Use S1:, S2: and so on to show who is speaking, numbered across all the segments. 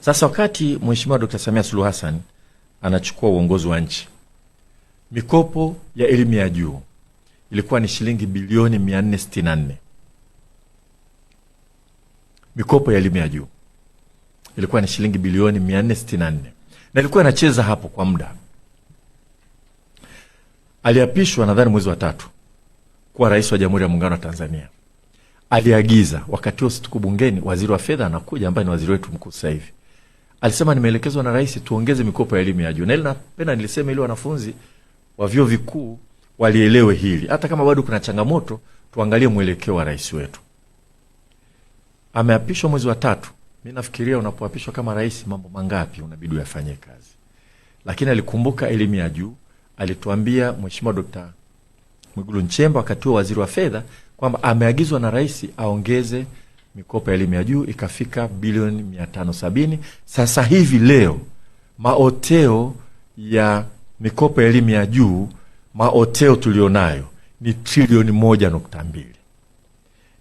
S1: Sasa wakati mweshimiwa dr Samia sulu Hassan anachukua uongozi wa nchi, mikopo ya elimu ya juu ilikuwa ni shilingi bilioni 464. Mikopo ya elimu ya juu ilikuwa ni shilingi bilioni 464, na ilikuwa inacheza hapo kwa muda. Aliapishwa nadhani mwezi wa tatu kuwa rais wa Jamhuri ya Muungano wa Tanzania aliagiza wakati huo situku bungeni, waziri wa fedha anakuja ambaye ni waziri wetu mkuu sasa hivi, alisema nimeelekezwa na rais tuongeze mikopo ya elimu ya juu, na ile napenda nilisema ili wanafunzi wa vyuo vikuu walielewe hili, hata kama bado kuna changamoto, tuangalie mwelekeo wa rais wetu. Ameapishwa mwezi wa tatu. Mi nafikiria unapoapishwa kama rais, mambo mangapi unabidi uyafanyie kazi, lakini alikumbuka elimu ya juu. Alituambia Mheshimiwa Dr. Mwigulu Nchemba, wakati huo waziri wa fedha, kwamba ameagizwa na rais aongeze mikopo ya elimu ya juu ikafika bilioni mia sabini. Sasa hivi leo maoteo ya mikopo ya elimu ya juu maoteo tulionayo ni trilioni moja nukta mbili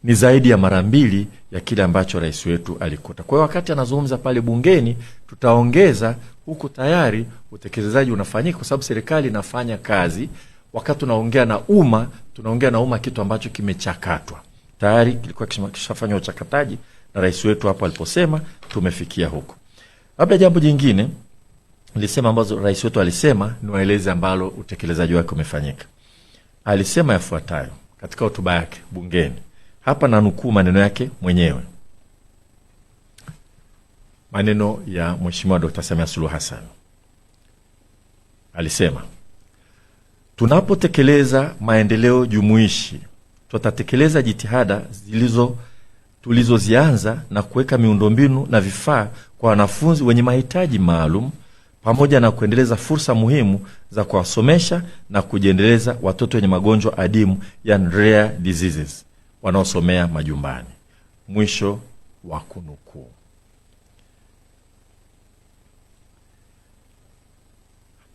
S1: ni zaidi ya mara mbili ya kile ambacho rais wetu alikuta. Kwa hiyo wakati anazungumza pale bungeni, tutaongeza huku, tayari utekelezaji unafanyika, kwa sababu serikali inafanya kazi. Wakati tunaongea na umma, tunaongea na umma kitu ambacho kimechakatwa tayari kilikuwa kishafanywa uchakataji na rais wetu hapo aliposema tumefikia huko. Labda jambo jingine lisema ambazo rais wetu alisema ni waeleze ambalo utekelezaji wake umefanyika. Alisema yafuatayo katika hotuba yake bungeni, hapa na nukuu maneno yake mwenyewe, maneno ya Mheshimiwa Dkt. Samia Suluhu Hassan alisema, tunapotekeleza maendeleo jumuishi tutatekeleza jitihada zilizo tulizozianza na kuweka miundombinu na vifaa kwa wanafunzi wenye mahitaji maalum pamoja na kuendeleza fursa muhimu za kuwasomesha na kujiendeleza watoto wenye magonjwa adimu yani rare diseases wanaosomea majumbani. Mwisho wa kunukuu.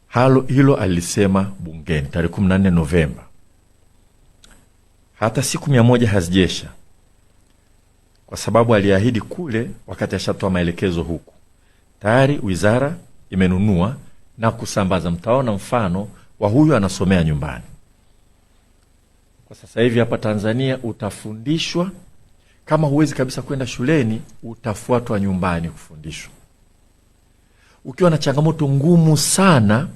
S1: Halo hilo alisema bungeni tarehe 14 Novemba hata siku mia moja hazijesha, kwa sababu aliahidi kule wakati ashatoa maelekezo huku. Tayari wizara imenunua na kusambaza. Mtaona mfano wa huyu anasomea nyumbani kwa sasa hivi hapa Tanzania. Utafundishwa kama huwezi kabisa kwenda shuleni, utafuatwa nyumbani kufundishwa. Ukiwa na changamoto ngumu sana,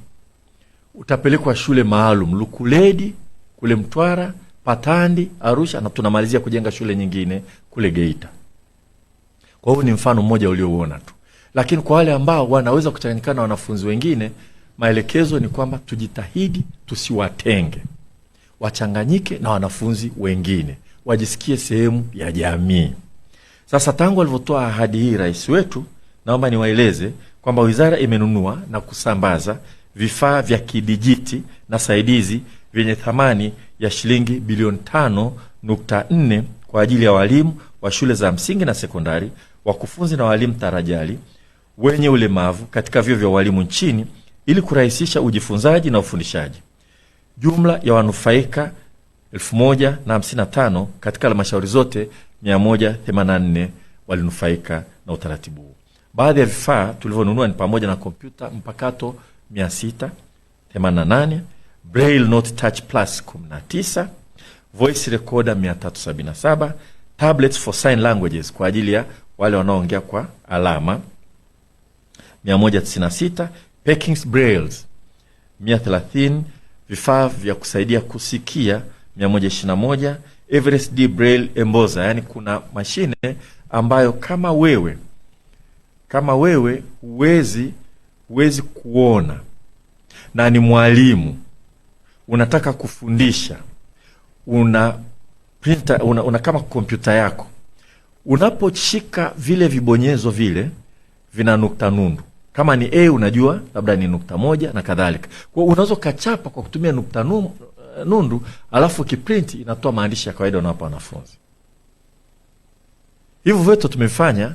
S1: utapelekwa shule maalum Lukuledi kule Mtwara Patandi, Arusha na tunamalizia kujenga shule nyingine kule Geita. Kwa hiyo ni mfano mmoja uliouona tu, lakini kwa wale ambao wanaweza kuchanganyikana na wanafunzi wengine, maelekezo ni kwamba tujitahidi tusiwatenge, wachanganyike na wanafunzi wengine, wajisikie sehemu ya jamii. Sasa tangu alivyotoa ahadi hii rais wetu, naomba niwaeleze kwamba wizara imenunua na kusambaza vifaa vya kidijiti na saidizi vyenye thamani ya shilingi bilioni 5.4 kwa ajili ya walimu wa shule za msingi na sekondari, wakufunzi na walimu tarajali wenye ulemavu katika vyuo vya walimu nchini ili kurahisisha ujifunzaji na ufundishaji. Jumla ya wanufaika 1055 katika halmashauri zote 184 walinufaika na utaratibu huo. Baadhi ya vifaa tulivyonunua ni pamoja na kompyuta mpakato 688, Braille Note Touch Plus 19, voice recorder 377, tablets for sign languages kwa ajili ya wale wanaoongea kwa alama 196, Perkins Brailles 130, vifaa vya kusaidia kusikia 121, Everest D Braille Emboza. Yani kuna mashine ambayo kama wewe kama wewe huwezi huwezi kuona na ni mwalimu unataka kufundisha una printer, una, una kama kompyuta yako unaposhika vile vibonyezo vile vina nukta nundu kama ni A unajua labda ni nukta moja na kadhalika. Kwa hiyo unaweza ukachapa kwa kutumia nukta eh, nundu, alafu kiprint inatoa maandishi ya kawaida unawapa wanafunzi. Hivyo vyote tumefanya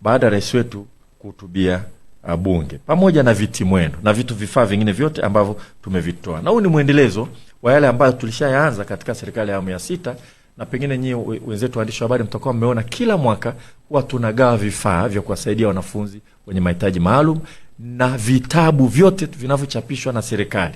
S1: baada ya rais wetu kuhutubia Uh, bunge pamoja na viti mwendo na vitu vifaa vingine vyote ambavyo tumevitoa, na huu ni mwendelezo wa yale ambayo tulishayaanza katika serikali ya awamu ya sita, na pengine nyie wenzetu waandishi wa habari mtakuwa mmeona kila mwaka huwa tunagawa vifaa vya kuwasaidia wanafunzi wenye mahitaji maalum na vitabu vyote vinavyochapishwa na serikali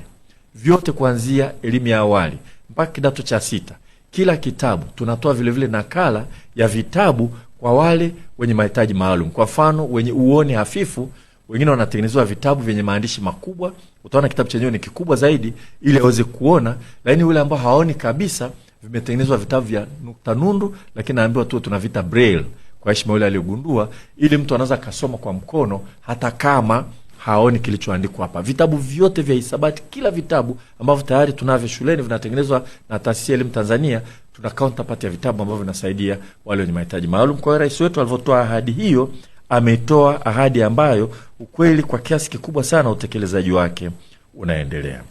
S1: vyote kuanzia elimu ya awali mpaka kidato cha sita. Kila kitabu tunatoa vilevile nakala ya vitabu kwa wale wenye mahitaji maalum, kwa mfano wenye uoni hafifu wengine wanatengenezewa vitabu vyenye maandishi makubwa, utaona kitabu chenyewe ni kikubwa zaidi ili aweze kuona, lakini yule ambao hawaoni kabisa, vimetengenezwa vitabu vya nukta nundu, lakini naambiwa tu tunavita braille kwa heshima yule aliyogundua, ili mtu anaweza akasoma kwa mkono hata kama haoni kilichoandikwa hapa. Vitabu vyote vya hisabati, kila vitabu ambavyo tayari tunavyo shuleni vinatengenezwa na taasisi ya elimu Tanzania. Tuna counterpart ya vitabu ambavyo vinasaidia wale wenye mahitaji maalum. Kwa hiyo rais wetu alivyotoa ahadi hiyo ametoa ahadi ambayo ukweli kwa kiasi kikubwa sana utekelezaji wake unaendelea.